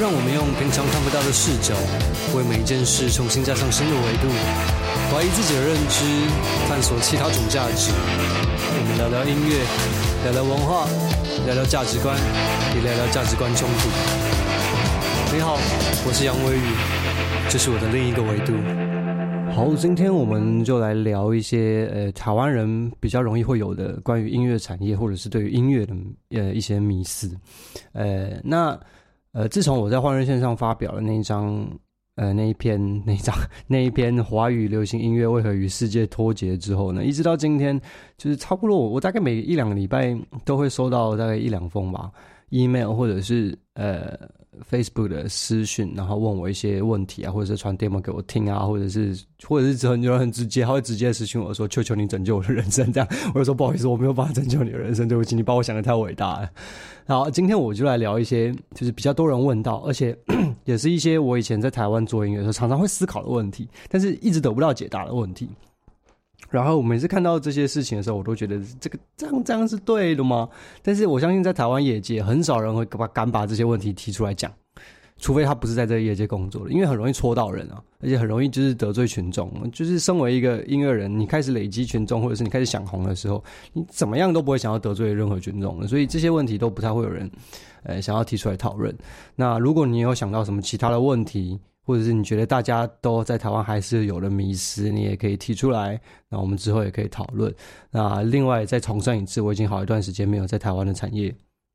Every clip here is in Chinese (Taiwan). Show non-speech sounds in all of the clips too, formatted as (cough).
讓我們用平常看不到的視角，為每一件事重新加上新的維度，懷疑自己的認知，探索其他種價值。我們聊聊音樂，聊聊文化，聊聊價值觀，也聊聊價值觀衝突。你好，我是楊偉宇，這是我的另一個維度。好，今天我們就來聊一些呃，台灣人比較容易會有的關於音樂產業，或者是對於音樂的呃一些迷思，呃，那。呃，自從我在換日線上發表了那一張，呃，那一篇，那一張，那一篇華語流行音樂為何與世界脫節之後呢，一直到今天，就是差不多我我大概每一兩個禮拜都會收到大概一兩封吧，email 或者是呃，Facebook 的私訊，然後問我一些問題啊，或者是傳 demo 給我聽啊，或者是或者是很有人很直接，他會直接私訊我，我說：“求求你拯救我的人生！”這樣，我就說：“不好意思，我沒有辦法拯救你的人生，對不起，你把我想得太偉大了。”然後今天我就來聊一些，就是比較多人問到，而且 (coughs) 也是一些我以前在台灣做音樂的時候常常會思考的問題，但是一直得不到解答的問題。然後我每次看到這些事情的時候，我都覺得這個這樣這樣是對的嗎？但是我相信在台灣業界，很少人會把敢把這些問題提出來講。除非他不是在這個業界工作的，因為很容易戳到人啊，而且很容易就是得罪群眾。就是身為一個音樂人，你開始累積群眾，或者是你開始想紅的時候，你怎麼樣都不會想要得罪任何群眾的。所以這些問題都不太會有人，呃，想要提出來討論。那如果你有想到什麼其他的問題，或者是你覺得大家都在台灣還是有了迷思，你也可以提出來，那我們之後也可以討論。那另外再重申一次，我已經好一段時間沒有在台灣的產業，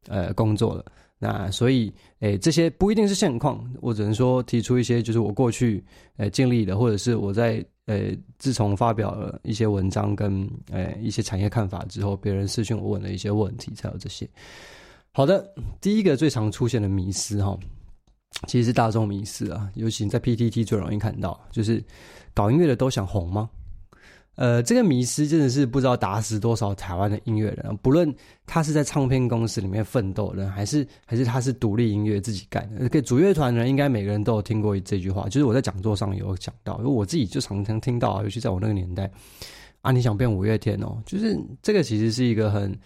呃，工作了。那所以，誒、欸，這些不一定是現況，我只能說提出一些，就是我過去，誒、欸，經歷的，或者是我在，誒、欸，自從發表了一些文章跟，誒、欸，一些產業看法之後，別人私訊我問的一些問題，才有這些。好的，第一個最常出現的迷思哈，其實是大眾迷思啊，尤其你在 PTT 最容易看到，就是搞音樂的都想紅嗎？呃，這個迷思真的是不知道打死多少台灣的音樂人、啊，不論他是在唱片公司裡面奮鬥的，還是還是他是獨立音樂自己幹的。給主樂團人，應該每個人都有聽過這句話，就是我在講座上有講到，因為我自己就常常聽到、啊，尤其在我那個年代啊，你想變五月天哦，就是這個其實是一個很。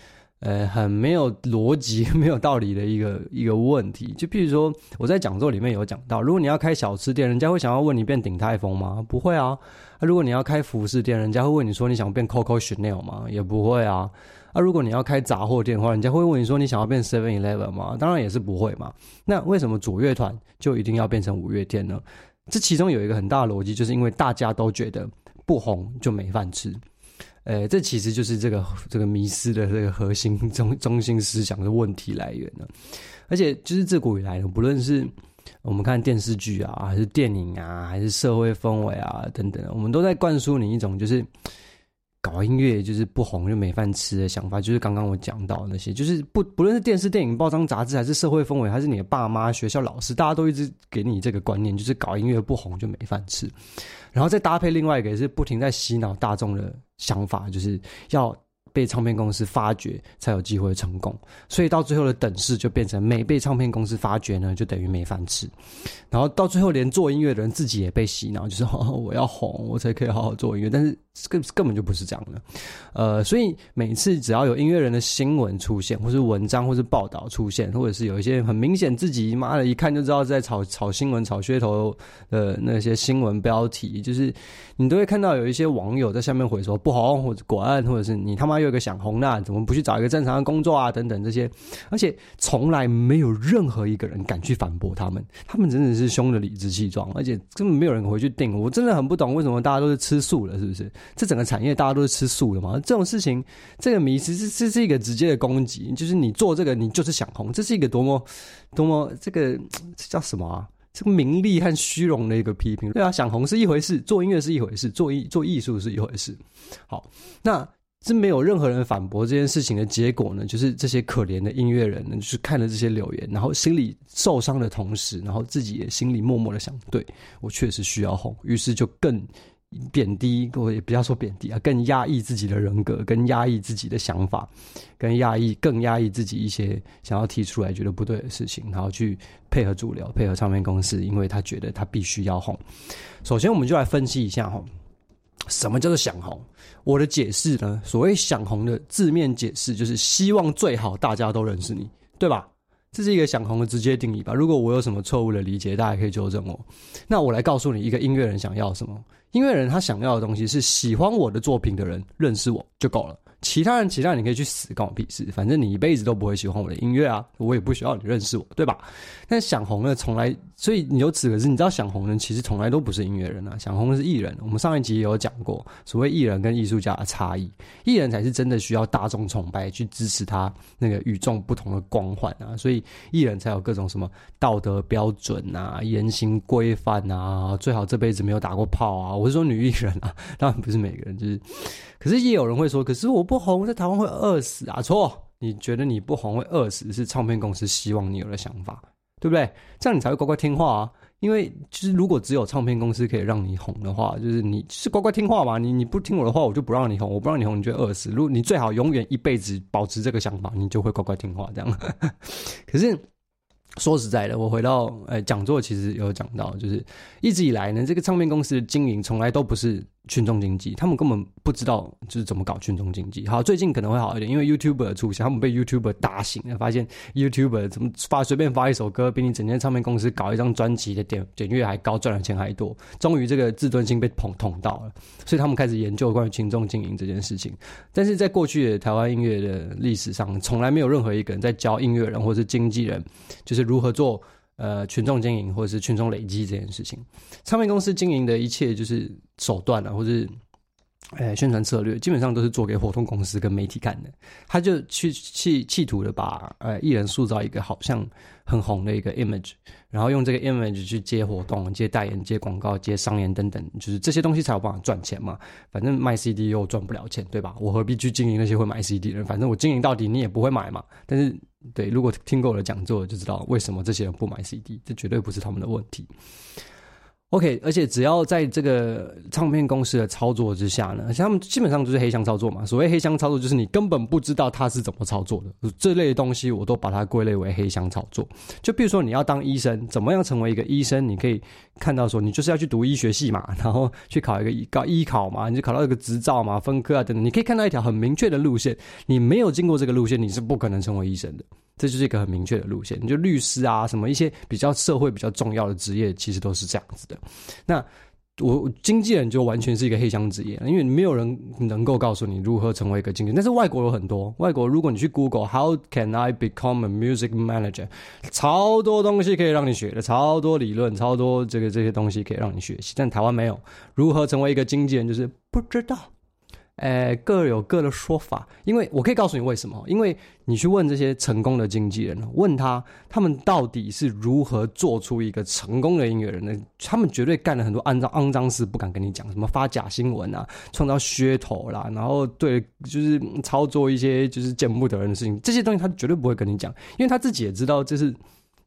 呃，很沒有邏輯、沒有道理的一個一個問題。就譬如說，我在講座裡面有講到，如果你要開小吃店，人家會想要問你變鼎泰豐嗎？不會啊。啊，如果你要開服飾店，人家會問你說你想變 Coco Chanel 嗎？也不會啊。啊，如果你要開雜貨店的話，人家會問你說你想要變 Seven Eleven 嗎？當然也是不會嘛。那為什麼左樂團就一定要變成五月天呢？這其中有一個很大的邏輯，就是因為大家都覺得不紅就沒飯吃。呃、欸，這其實就是這個這個迷思的這個核心中中心思想的問題來源呢，而且，就是自古以來呢，不論是我們看電視劇啊，還是電影啊，還是社會氛圍啊等等，我們都在灌輸你一種就是搞音樂就是不紅就沒飯吃的想法。就是剛剛我講到那些，就是不不論是電視、電影、報章、雜誌，還是社會氛圍，還是你的爸媽、學校、老師，大家都一直給你這個觀念，就是搞音樂不紅就沒飯吃。然後再搭配另外一個也是不停在洗腦大眾的。想法就是要。被唱片公司發掘才有機會成功，所以到最後的等式就變成沒被唱片公司發掘呢，就等於沒飯吃。然後到最後，連做音樂的人自己也被洗腦，就是我要紅，我才可以好好做音樂。但是根根本就不是這樣的，呃，所以每次只要有音樂人的新聞出現，或是文章，或是報道出現，或者是有一些很明顯自己媽的，一看就知道在炒炒新聞、炒噱頭的那些新聞標題，就是你都會看到有一些網友在下面回說不好，或者果案，或者是你他媽又，這個想紅啊？怎麼不去找一個正常的工作啊？等等這些，而且從來沒有任何一個人敢去反駁他們。他們真的是兇得理直氣壯，而且根本沒有人回去定。我真的很不懂，為什麼大家都是吃素了？是不是？這整個產業大家都是吃素了嘛？這種事情，這個迷思是這是一個直接的攻擊。就是你做這個，你就是想紅，這是一個多麼多麼這個叫什麼啊？這個名利和虛榮的一個批評。對啊，想紅是一回事，做音樂是一回事，做藝做藝術是一回事。好，那。是沒有任何人反駁這件事情的結果呢，就是這些可憐的音樂人呢，就是看了這些留言，然後心裡受傷的同時，然後自己也心裡默默的想，對，我確實需要紅，於是就更貶低，我也不要說貶低啊，更壓抑自己的人格，更壓抑自己的想法，跟壓抑，更壓抑自己一些想要提出來覺得不對的事情，然後去配合主流，配合唱片公司，因為他覺得他必須要紅。首先，我們就來分析一下哈。什麼叫做想紅？我的解釋呢，所謂想紅的字面解釋就是希望最好大家都認識你，對吧？這是一個想紅的直接定義吧。如果我有什麼錯誤的理解，大家可以糾正我。那我來告訴你一個音樂人想要什麼，音樂人他想要的東西是喜歡我的作品的人認識我就夠了。其他人，其他人你可以去死，管我屁事！反正你一輩子都不會喜歡我的音樂啊，我也不需要你認識我，對吧？但想紅的從來，所以你由此可知，你知道想紅的其實從來都不是音樂人啊，想紅的是藝人。我們上一集也有講過，所謂藝人跟藝術家的差異，藝人才是真的需要大眾崇拜去支持他那個與眾不同的光環啊，所以藝人才有各種什麼道德標準啊、言行規範啊，最好這輩子沒有打過炮啊。我是說女藝人啊，當然不是每個人，就是，可是也有人會說，可是我。不紅在台灣會餓死啊？錯，你覺得你不紅會餓死是唱片公司希望你有的想法，對不對？這樣你才會乖乖聽話啊。因為就是如果只有唱片公司可以讓你紅的話，就是你就是乖乖聽話嘛。你你不聽我的話，我就不讓你紅，我不讓你紅你就餓死。如果你最好永遠一輩子保持這個想法，你就會乖乖聽話這樣。呵呵，可是。說實在的，我回到呃講座，其實有講到，就是一直以來呢，這個唱片公司的經營從來都不是群眾經濟，他們根本不知道就是怎麼搞群眾經濟。好，最近可能會好一點，因為 YouTuber 出現，他們被 YouTuber 打醒了，發現 YouTuber 怎麼發隨便發一首歌，比你整間唱片公司搞一張專輯的點點閱還高，賺的錢還多。終於這個自尊心被捅捅到了，所以他們開始研究關於群眾經營這件事情。但是在過去的台灣音樂的歷史上，從來沒有任何一個人在教音樂人或是經紀人，就是。是如何做呃群眾經營或者是群眾累積這件事情？唱片公司經營的一切就是手段啊，或是。哎、呃，宣傳策略基本上都是做給活動公司跟媒體看的。他就去去企圖的把哎、呃、藝人塑造一個好像很紅的一個 image，然後用這個 image 去接活動、接代言、接廣告、接商演等等，就是這些東西才有辦法賺錢嘛。反正賣 CD 又賺不了錢，對吧？我何必去經營那些會買 CD 的人？反正我經營到底你也不會買嘛。但是對，如果聽過我的講座就知道為什麼這些人不買 CD，這絕對不是他們的問題。OK，而且只要在這個唱片公司的操作之下呢，他們基本上就是黑箱操作嘛。所謂黑箱操作，就是你根本不知道它是怎麼操作的。這類的東西我都把它歸類為黑箱操作。就比如說你要當醫生，怎麼樣成為一個醫生？你可以看到說，你就是要去讀醫學系嘛，然後去考一個醫考醫考嘛，你就考到一個執照嘛，分科啊等等。你可以看到一條很明確的路線，你沒有經過這個路線，你是不可能成為醫生的。這就是一個很明確的路線。你就律師啊，什麼一些比較社會比較重要的職業，其實都是這樣子的。那我經紀人就完全是一個黑箱職業，因為沒有人能夠告訴你如何成為一個經紀人。但是外國有很多，外國如果你去 Google，How can I become a music manager？超多東西可以讓你學的，超多理論，超多這個這些東西可以讓你學習。但台灣沒有，如何成為一個經紀人，就是不知道。呃，各有各的說法，因為我可以告訴你為什麼。因為你去問這些成功的經紀人，問他他們到底是如何做出一個成功的音樂人的，他們絕對幹了很多骯髒骯髒事，不敢跟你講，什麼發假新聞啊，創造噱頭啦，啊，然後對，就是操作一些就是見不得人的事情，這些東西他絕對不會跟你講，因為他自己也知道這是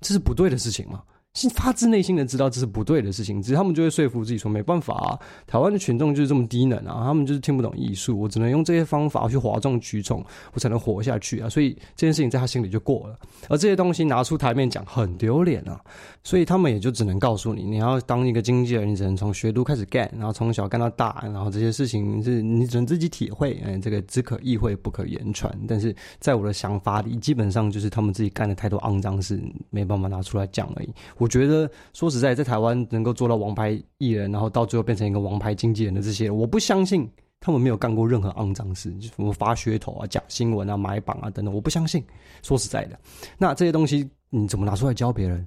這是不對的事情嘛。是發自內心的知道這是不對的事情，只是他們就會說服自己說沒辦法啊，台灣的群眾就是這麼低能啊，他們就是聽不懂藝術，我只能用這些方法去譁眾取寵，我才能活下去啊，所以這件事情在他心裡就過了。而這些東西拿出台面講很丟臉啊，所以他們也就只能告訴你，你要當一個經紀人，你只能從學徒開始幹，然後從小幹到大，然後這些事情是你只能自己體會，嗯、欸，這個只可意會不可言傳。但是在我的想法裡，基本上就是他們自己幹的太多骯髒事，沒辦法拿出來講而已。我覺得說實在，在台灣能夠做到王牌藝人，然後到最後變成一個王牌經紀人的這些，我不相信他們沒有幹過任何骯髒事，什麼發噱頭啊、假新聞啊、買榜啊等等，我不相信。說實在的，那這些東西你怎麼拿出來教別人？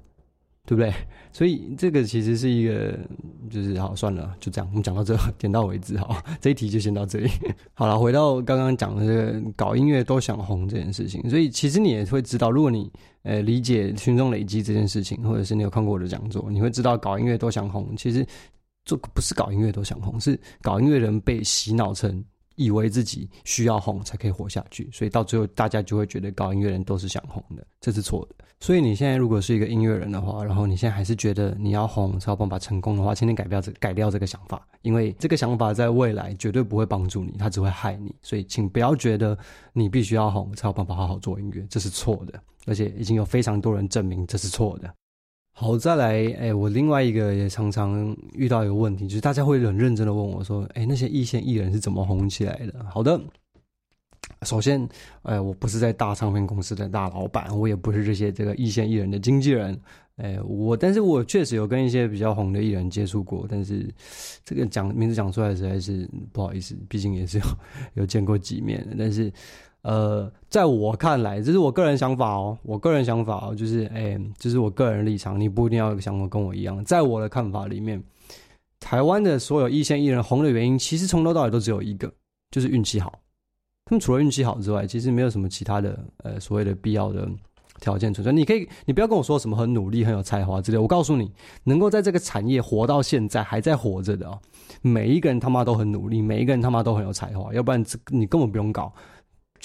對不對？所以這個其實是一個，就是好，算了，就這樣，我們講到這，點到為止，好，這一題就先到這裡。好了，回到剛剛講的這個搞音樂都想紅這件事情，所以其實你也會知道，如果你呃、理解群眾累積這件事情，或者是你有看過我的講座，你會知道，搞音樂都想紅，其實做，不是搞音樂都想紅，是搞音樂人被洗腦成，以為自己需要紅才可以活下去，所以到最後大家就會覺得搞音樂人都是想紅的，這是錯的。所以你現在如果是一個音樂人的話，然後你現在還是覺得你要紅才有辦法成功的話，請你改掉這改掉這個想法，因為這個想法在未來絕對不會幫助你，它只會害你。所以請不要覺得你必須要紅才有辦法好好做音樂，這是錯的，而且已經有非常多人證明這是錯的。好，再來，哎、欸，我另外一個也常常遇到一個問題，就是大家會很認真的問我說，哎、欸，那些一線藝人是怎麼紅起來的？好的，首先，哎、欸，我不是在大唱片公司的大老闆，我也不是這些這個一線藝人的經紀人，哎、欸，我，但是我確實有跟一些比較紅的藝人接觸過，但是這個講名字講出來實在是不好意思，畢竟也是有有見過幾面的，但是。呃，在我看來，這是我個人想法哦。我個人想法哦，就是，哎，就是我個人立場，你不一定要有想法跟我一樣。在我的看法裡面，台灣的所有一線藝人紅的原因，其實從頭到尾都只有一個，就是運氣好。他們除了運氣好之外，其實沒有什麼其他的，呃，所謂的必要的條件存在。你可以，你不要跟我說什麼很努力、很有才華之類。我告訴你，能夠在這個產業活到現在，還在活着的哦，每一個人他媽都很努力，每一個人他媽都很有才華，要不然這你根本不用搞。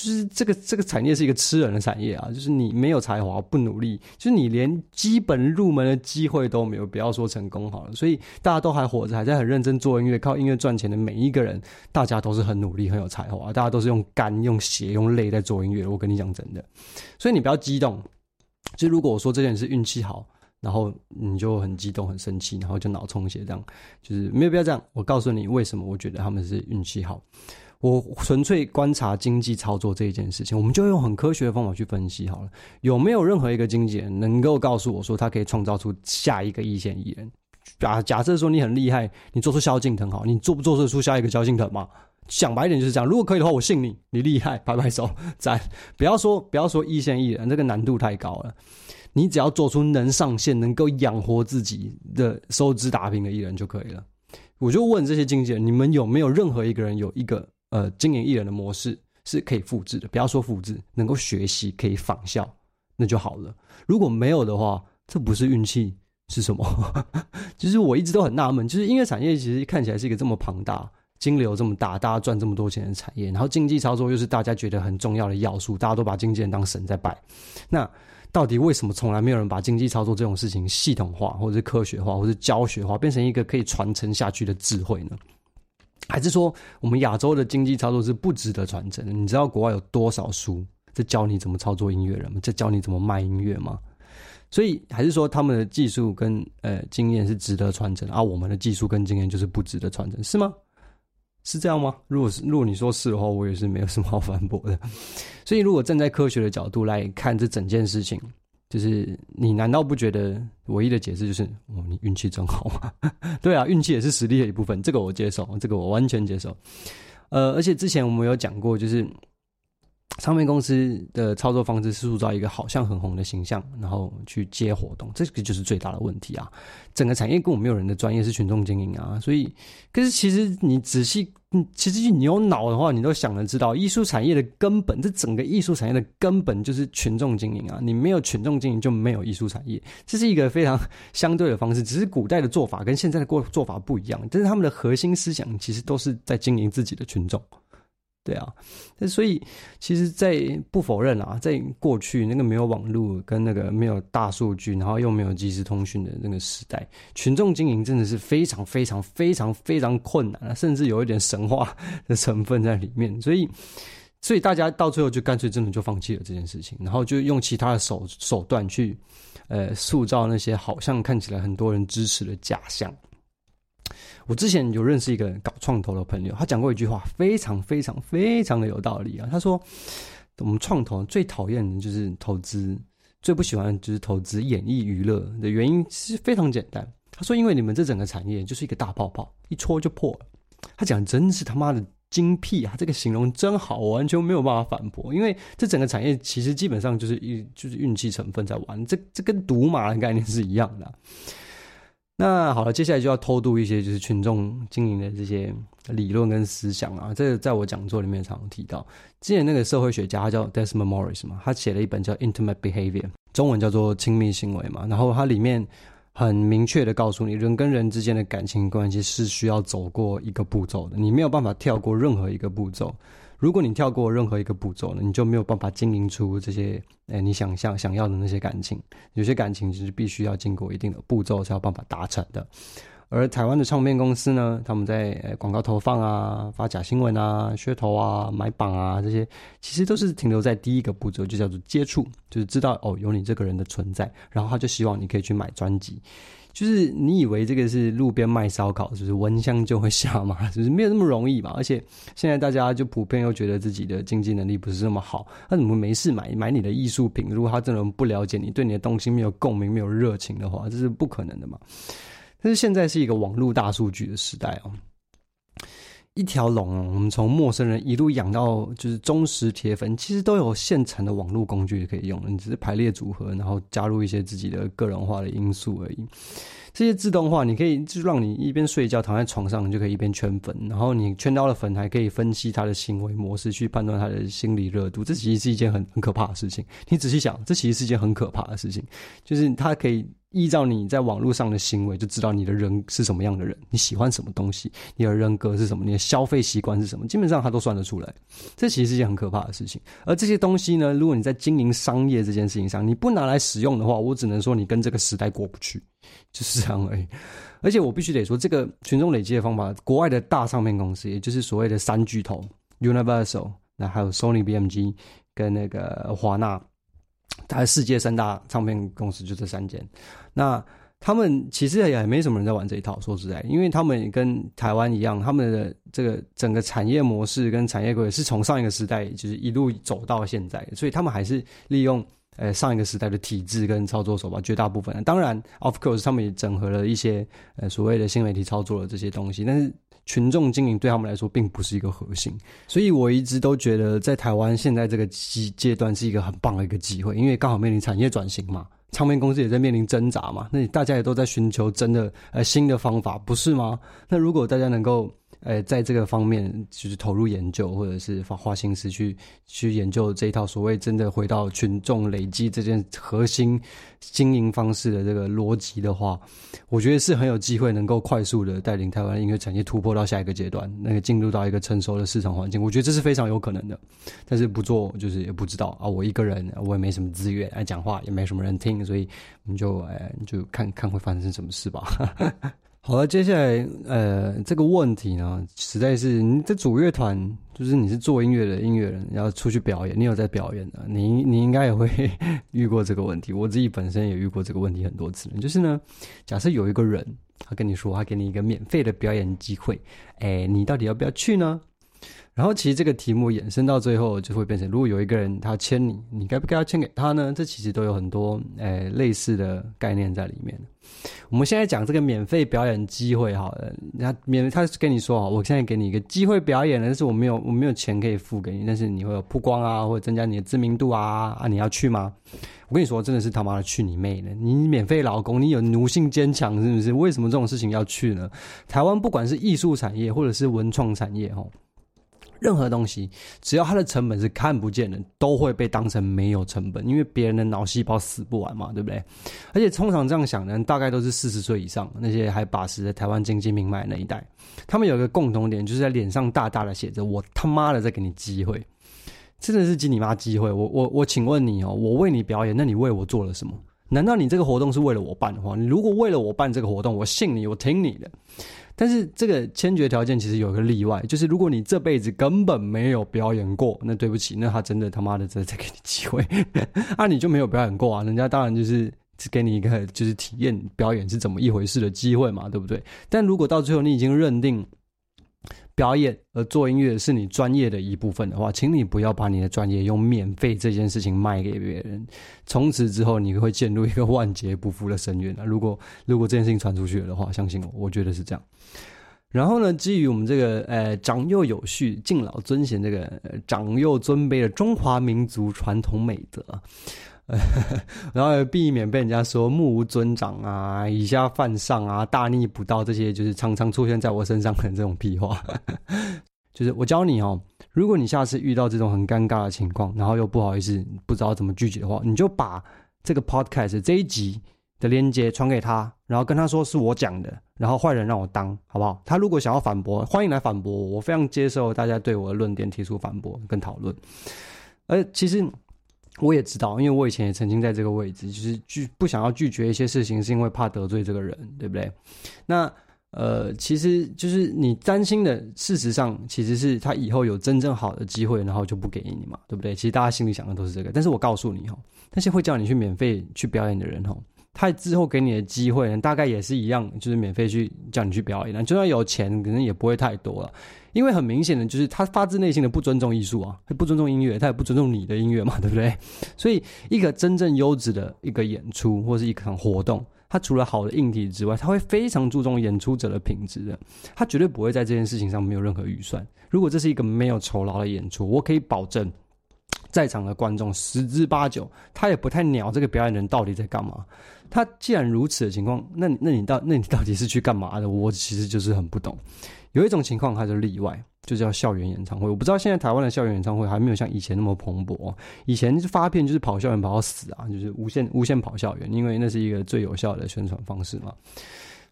就是這個這個產業是一個吃人的產業啊！就是你沒有才華、不努力，就是你連基本入門的機會都沒有，不要說成功好了。所以大家都還活着，還在很認真做音樂、靠音樂賺錢的每一個人，大家都是很努力、很有才華，大家都是用肝、用血、用淚在做音樂。我跟你講真的，所以你不要激動。就如果我說這件事運氣好，然後你就很激動、很生氣，然後就腦充血這樣，就是沒有必要這樣。我告訴你為什麼，我覺得他們是運氣好。我純粹觀察經紀操作這一件事情，我們就用很科學的方法去分析好了。有沒有任何一個經紀人能夠告訴我說，他可以創造出下一個一線藝人？假假設說你很厲害，你做出蕭敬騰好，你做不做得出下一個蕭敬騰嗎？講白一點就是這樣。如果可以的話，我信你，你厲害，拍拍手，讚！不要說不要說一線藝人，這個難度太高了。你只要做出能上線、能夠養活自己的收支打平的藝人就可以了。我就問這些經紀人，你們有沒有任何一個人有一個？呃，經營藝人的模式是可以複製的，不要說複製，能夠學習可以仿效，那就好了。如果沒有的話，這不是運氣是什麼？其 (laughs) 實我一直都很納悶，就是音樂產業其實看起來是一個這麼龐大、金流這麼大、大家賺這麼多錢的產業，然後經紀操作又是大家覺得很重要的要素，大家都把經紀人當神在拜。那到底為什麼從來沒有人把經紀操作這種事情系統化，或者是科學化，或者是教學化，變成一個可以傳承下去的智慧呢？還是說，我們亞洲的經濟操作是不值得傳承的？你知道國外有多少書在教你怎麼操作音樂人嗎？在教你怎麼賣音樂嗎？所以還是說，他們的技術跟呃經驗是值得傳承，而、啊、我們的技術跟經驗就是不值得傳承，是嗎？是這樣嗎？如果是，如果你說是的話，我也是沒有什麼好反駁的。所以，如果站在科學的角度來看這整件事情。就是你難道不覺得唯一的解釋就是哦你運氣真好嗎？ (laughs) 對啊，運氣也是實力的一部分，這個我接受，這個我完全接受。呃，而且之前我們有講過，就是。唱片公司的操作方式是塑造一個好像很紅的形象，然後去接活動，這個就是最大的問題啊！整個產業根本沒有人的專業是群眾經營啊，所以，可是其實你仔細，其實你有腦的話，你都想得知道，藝術產業的根本，這整個藝術產業的根本就是群眾經營啊！你沒有群眾經營就沒有藝術產業，這是一個非常相對的方式，只是古代的做法跟現在的過做法不一樣，但是他們的核心思想其實都是在經營自己的群眾。對啊，所以其實，在不否認啊，在過去那個沒有網絡、跟那個沒有大數據，然後又沒有即時通訊的那個時代，群眾經營真的是非常、非常、非常、非常困難，甚至有一點神話的成分在裡面。所以，所以大家到最後就乾脆真的就放棄了這件事情，然後就用其他的手手段去，呃，塑造那些好像看起來很多人支持的假象。我之前有認識一個搞創投的朋友，他講過一句話，非常非常非常的有道理啊。他說，我們創投最討厭的就是投資，最不喜歡的就是投資演藝娛樂的原因是非常簡單。他說，因為你們這整個產業就是一個大泡泡，一戳就破。他講真是他媽的精闢啊，這個形容真好，我完全沒有辦法反駁。因為這整個產業其實基本上就是一就是運氣成分在玩，這這跟賭馬的概念是一樣的啊。那好了，接下來就要偷渡一些就是群眾經營的這些理論跟思想啊，這個在我講座裡面常常提到。之前那個社會學家叫 Desmond Morris 嘛，他寫了一本叫《Intimate Behavior》，中文叫做《親密行為》嘛。然後他裡面很明確的告訴你，人跟人之間的感情關係是需要走過一個步驟的，你沒有辦法跳過任何一個步驟。如果你跳過任何一個步驟，你就沒有辦法經營出這些，欸、你想象想要的那些感情。有些感情其實必須要經過一定的步驟才有辦法達成的。而台灣的唱片公司呢，他們在欸、廣告投放啊、發假新聞啊、噱頭啊、買榜啊這些，其實都是停留在第一個步驟，就叫做接觸，就是知道哦有你這個人的存在，然後他就希望你可以去買專輯。就是你以為這個是路邊賣燒烤，就是聞香就會下嗎？就是沒有那麼容易嘛。而且現在大家就普遍又覺得自己的經濟能力不是那麼好，他怎麼沒事買買你的藝術品？如果他真的不了解你，對你的東西沒有共鳴、沒有熱情的話，這是不可能的嘛。但是現在是一個網絡大數據的時代哦。一條龍啊，我們從陌生人一路養到就是忠實鐵粉，其實都有現成的網絡工具也可以用，你只是排列組合，然後加入一些自己的個人化的因素而已。這些自動化，你可以就讓你一邊睡覺躺在床上，你就可以一邊圈粉，然後你圈到了粉，還可以分析他的行為模式，去判斷他的心理熱度。這其實是一件很很可怕的事情。你仔細想，這其實是一件很可怕的事情，就是他可以。依照你在網絡上的行為，就知道你的人是什麼樣的人，你喜歡什麼東西，你的人格是什麼，你的消費習慣是什麼，基本上他都算得出來。這其實是一件很可怕的事情。而這些東西呢，如果你在經營商業這件事情上，你不拿來使用的話，我只能說你跟這個時代過不去，就是這樣而已。而且我必須得說，這個群眾累積的方法，國外的大唱片公司，也就是所謂的三巨頭，Universal，那還有 Sony BMG 跟那個華納，大概世界三大唱片公司就這三間。那他們其實也沒什麼人在玩這一套，說實在，因為他們也跟台灣一樣，他們的這個整個產業模式跟產業規則，是從上一個時代就是一路走到現在的，所以他們還是利用呃上一個時代的體制跟操作手法，絕大部分。當然，of course，他們也整合了一些呃所謂的新媒體操作的這些東西，但是群眾經營對他們來說並不是一個核心，所以我一直都覺得在台灣現在這個階階段是一個很棒的一個機會，因為剛好面臨產業轉型嘛。唱片公司也在面臨掙扎嘛，那你大家也都在尋求真的，呃，新的方法，不是嗎？那如果大家能夠。呃，在這個方面，就是投入研究，或者是花心思去去研究這一套所謂真的回到群眾累積這件核心經營方式的這個邏輯的話，我覺得是很有機會能夠快速的帶領台灣音樂產業突破到下一個階段，那個進入到一個成熟的市場環境，我覺得這是非常有可能的。但是不做就是也不知道啊，我一個人，我也沒什麼資源，哎、啊、講話也沒什麼人聽，所以你就哎你、呃、就看看會發生什麼事吧。哈哈哈。好了，接下來，呃，這個問題呢，實在是你這主樂團，就是你是做音樂的音樂人，要出去表演，你有在表演的啊，你你應該也會 (laughs) 遇過這個問題。我自己本身也遇過這個問題很多次，就是呢，假設有一個人他跟你說，他給你一個免費的表演機會，哎、欸，你到底要不要去呢？然後其實這個題目衍生到最後就會變成，如果有一個人他簽你，你該不該要簽給他呢？這其實都有很多誒、哎、類似的概念在裡面。我們現在講這個免費表演機會好了，免他,他跟你說我現在給你一個機會表演但是我沒有我沒有錢可以付給你，但是你會有曝光啊，或者增加你的知名度啊，啊你要去嗎？我跟你說，真的是他媽的去你妹的！你免費勞工，你有奴性堅強是不是？為什麼這種事情要去呢？台灣不管是藝術產業或者是文創產業，吼。任何東西，只要它的成本是看不見的，都會被當成沒有成本，因為別人的腦細胞死不完嘛，對不對？而且通常這樣想的人，大概都是四十歲以上那些還把持着台灣經濟命脈那一代。他們有一個共同點，就是在臉上大大的寫着“我他媽的在給你機會”，真的是給你媽機會！我我我請問你哦，我為你表演，那你為我做了什麼？難道你這個活動是為了我辦的話？你如果為了我辦這個活動，我信你，我聽你的。但是這個先決條件其實有個例外，就是如果你這輩子根本沒有表演過，那對不起，那他真的他媽的在在給你機會 (laughs) 啊，你就沒有表演過啊，人家當然就是給你一個就是體驗表演是怎麼一回事的機會嘛，對不對？但如果到最後你已經認定表演做音樂是你專業的一部分的話，請你不要把你的專業用免費這件事情賣給別人。從此之後，你會陷入一個萬劫不復的深淵。如果如果這件事情傳出去的話，相信我，我覺得是這樣。然後呢，基於我們這個呃長幼有序、敬老尊賢這個、呃、長幼尊卑的中華民族傳統美德。 (laughs) 然後避免被人家說目無尊長啊、以下犯上啊、大逆不道這些，就是常常出現在我身上的這種屁話。 (laughs) 就是我教你哦，如果你下次遇到這種很尷尬的情況，然後又不好意思不知道怎麼拒絕的話，你就把這個 Podcast 這一集的鏈接傳給他，然後跟他說是我講的，然後壞人讓我當，好不好？他如果想要反駁，歡迎來反駁我，我非常接受大家對我的論點提出反駁跟討論。而其實。我也知道，因為我以前也曾經在這個位置，就是拒不想要拒絕一些事情，是因為怕得罪這個人，對不對？那呃，其實就是你擔心的，事實上其實是他以後有真正好的機會，然後就不給你嘛，對不對？其實大家心裡想的都是這個，但是我告訴你哦，那些會叫你去免費去表演的人哦。他之後給你的機會呢，大概也是一樣，就是免費去叫你去表演，就算有錢，可能也不會太多了，因為很明顯的就是他發自內心的不尊重藝術啊，不尊重音樂，他也不尊重你的音樂嘛，對不對？所以，一個真正優質的一個演出或是一場活動，他除了好的硬體之外，他會非常注重演出者的品質的。他絕對不會在這件事情上沒有任何預算。如果這是一個沒有酬勞的演出，我可以保證。在場的觀眾十之八九，他也不太鳥這個表演人到底在幹嘛。他既然如此的情況，那那你到那你到底是去幹嘛的？我其實就是很不懂。有一種情況它是例外，就是叫校園演唱會。我不知道現在台灣的校園演唱會還沒有像以前那麼蓬勃。以前發片就是跑校園跑到死啊，就是無限無限跑校園，因為那是一個最有效的宣傳方式嘛。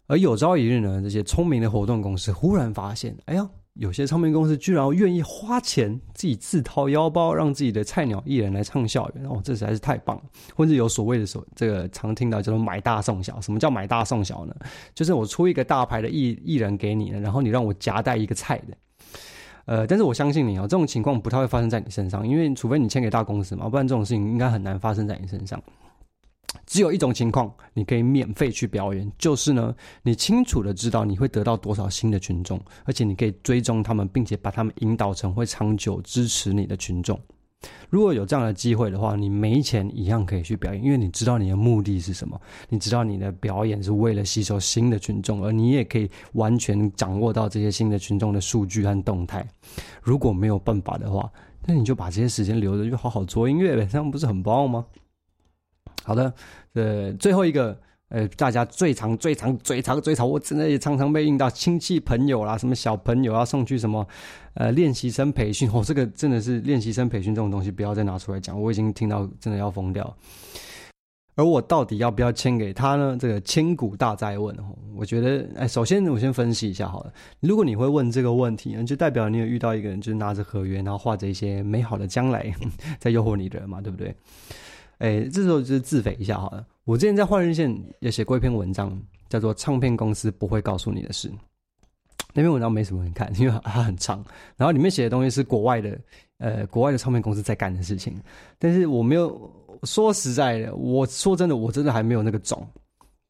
而有朝一日呢，這些聰明的活動公司忽然發現，哎呀。有些唱片公司居然要願意花錢，自己自掏腰包讓自己的菜鳥藝人來唱校園哦，這實在是太棒了。或者有所謂的說，這個常聽到叫做“買大送小”。什麼叫買大送小呢？就是我出一個大牌的藝藝人給你，然後你讓我夾帶一個菜的。呃，但是我相信你啊、哦，這種情況不太會發生在你身上，因為除非你簽給大公司嘛，不然這種事情應該很難發生在你身上。只有一種情況，你可以免費去表演，就是呢，你清楚地知道你會得到多少新的群眾，而且你可以追蹤他們，並且把他們引導成會長久支持你的群眾。如果有這樣的機會的話，你沒錢一樣可以去表演，因為你知道你的目的是什麼，你知道你的表演是為了吸收新的群眾，而你也可以完全掌握到這些新的群眾的數據和動態。如果沒有辦法的話，那你就把這些時間留着，就好好做音樂唄，這樣不是很棒嗎？好的，呃，最後一個，呃，大家最常、最常、最常、最常，我真的也常常被應到親戚朋友啦，什麼小朋友要送去什麼，呃，練習生培訓，哦，這個真的是練習生培訓這種東西，不要再拿出來講，我已經聽到真的要瘋掉。而我到底要不要簽給他呢？這個千古大哉問，我覺得，哎、呃，首先我先分析一下好了，如果你會問這個問題呢，就代表你有遇到一個人，就是拿着合約，然後畫着一些美好的將來， (laughs) 在誘惑你的人嘛，對不對？哎，這時候就是自肥一下好了。我之前在換日線也寫過一篇文章，叫做《唱片公司不會告訴你的事》。那篇文章沒什麼人看，因為它很長。然後裡面寫的東西是國外的，呃，國外的唱片公司在幹的事情。但是我沒有，說實在的，我說真的，我真的還沒有那個種。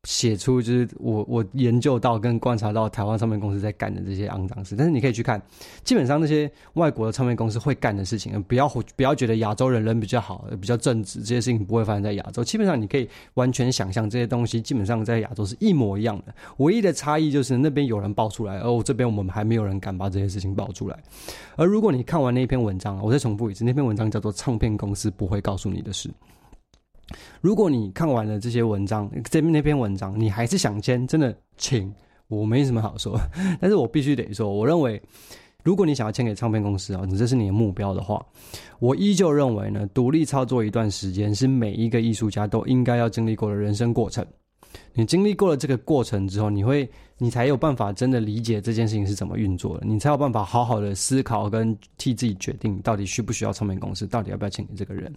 寫出就是我我研究到跟觀察到台灣唱片公司在幹的這些骯髒事，但是你可以去看，基本上那些外國的唱片公司會幹的事情，不要不要覺得亞洲人人比較好，比較正直，這些事情不會發生在亞洲。基本上你可以完全想象這些東西，基本上在亞洲是一模一樣的，唯一的差異就是那邊有人爆出來，而、哦、我這邊我們還沒有人敢把這些事情爆出來。而如果你看完那篇文章，我再重複一次，那篇文章叫做《唱片公司不會告訴你的事》。如果你看完了這些文章，這那篇文章，你還是想簽，真的，請，我沒什麼好說，但是我必須得說，我認為，如果你想要簽給唱片公司啊，你這是你的目標的話，我依舊認為呢，獨立操作一段時間是每一個藝術家都應該要經歷過的人生過程。你經歷過了這個過程之後，你會。你才有辦法真的理解這件事情是怎麼運作的，你才有辦法好好的思考跟替自己決定到底需不需要唱片公司，到底要不要簽你這個人。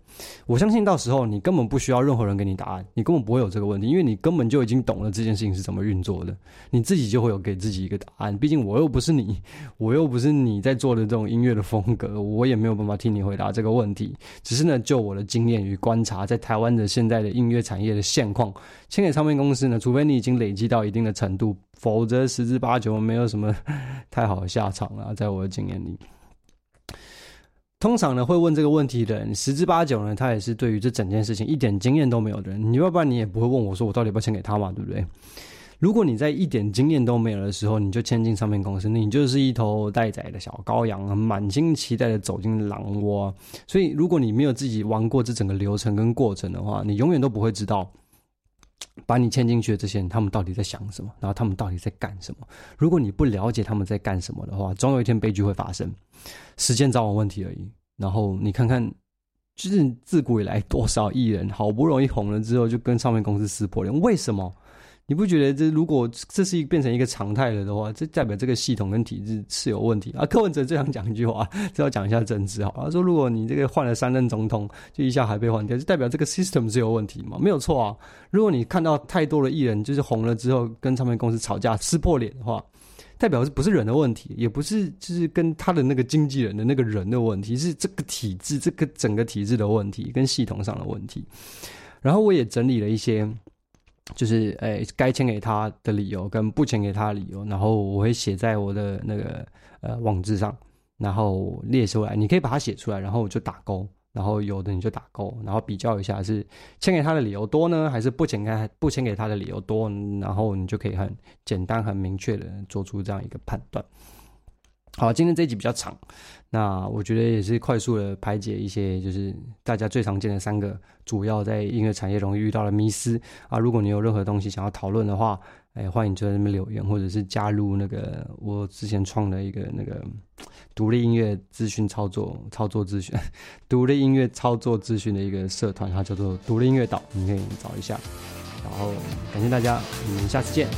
我相信到時候你根本不需要任何人給你答案，你根本不會有這個問題，因為你根本就已經懂了這件事情是怎麼運作的，你自己就會有給自己一個答案。畢竟我又不是你，我又不是你在做的這種音樂的風格，我也沒有辦法替你回答這個問題。只是呢，就我的經驗與觀察，在台灣的現在的音樂產業的現況，簽給唱片公司呢，除非你已經累積到一定的程度。否則十之八九沒有什麼 (laughs) 太好的下場了。啊，在我的經驗裡，通常呢，會問這個問題的人，十之八九呢，他也是對於這整件事情一點經驗都沒有的人，你要不然你也不會問我說，我到底要不要簽給他嘛，對不對？如果你在一點經驗都沒有的時候，你就簽進唱片公司，你就是一頭待宰的小羔羊，滿心期待的走進狼窩。啊，所以如果你沒有自己玩過這整個流程跟過程的話，你永遠都不會知道。把你簽進去的這些人，他們到底在想什麼？然後他們到底在幹什麼？如果你不了解他們在幹什麼的話，總有一天悲劇會發生，時間早晚問題而已。然後你看看，就是自古以來多少藝人好不容易紅了之後，就跟唱片公司撕破臉，為什麼？你不覺得這如果這是一變成一個常態了的話，這代表這個系統跟體制是有問題啊？柯文哲這樣講一句話，就要講一下政治哈。他、啊、說：“如果你這個換了三任總統，就一下還被換掉，就代表這個 system 是有問題嘛？沒有錯啊。如果你看到太多的藝人就是紅了之後跟唱片公司吵架撕破臉的話，代表是不是人的問題，也不是就是跟他的那個經紀人的那個人的問題，是這個體制這個整個體制的問題跟系統上的問題。然後我也整理了一些。”就是，誒、欸，該簽給他的理由跟不簽給他的理由，然後我會寫在我的那個呃網誌上，然後列出來。你可以把它寫出來，然後我就打勾，然後有的你就打勾，然後比較一下是簽給他的理由多呢，還是不簽給不簽給他的理由多，然後你就可以很簡單、很明確的做出這樣一個判斷。好，今天這一集比較長，那我覺得也是快速的排解一些，就是大家最常見的三個主要在音樂產業容易遇到的迷思啊。如果你有任何東西想要討論的話，哎、欸，歡迎就在那邊留言，或者是加入那個我之前創的一個那個獨立音樂資訊操作操作資訊、獨立音樂操作資訊的一個社團，它叫做獨立音樂島，你可以找一下。然後感謝大家，我們下次見。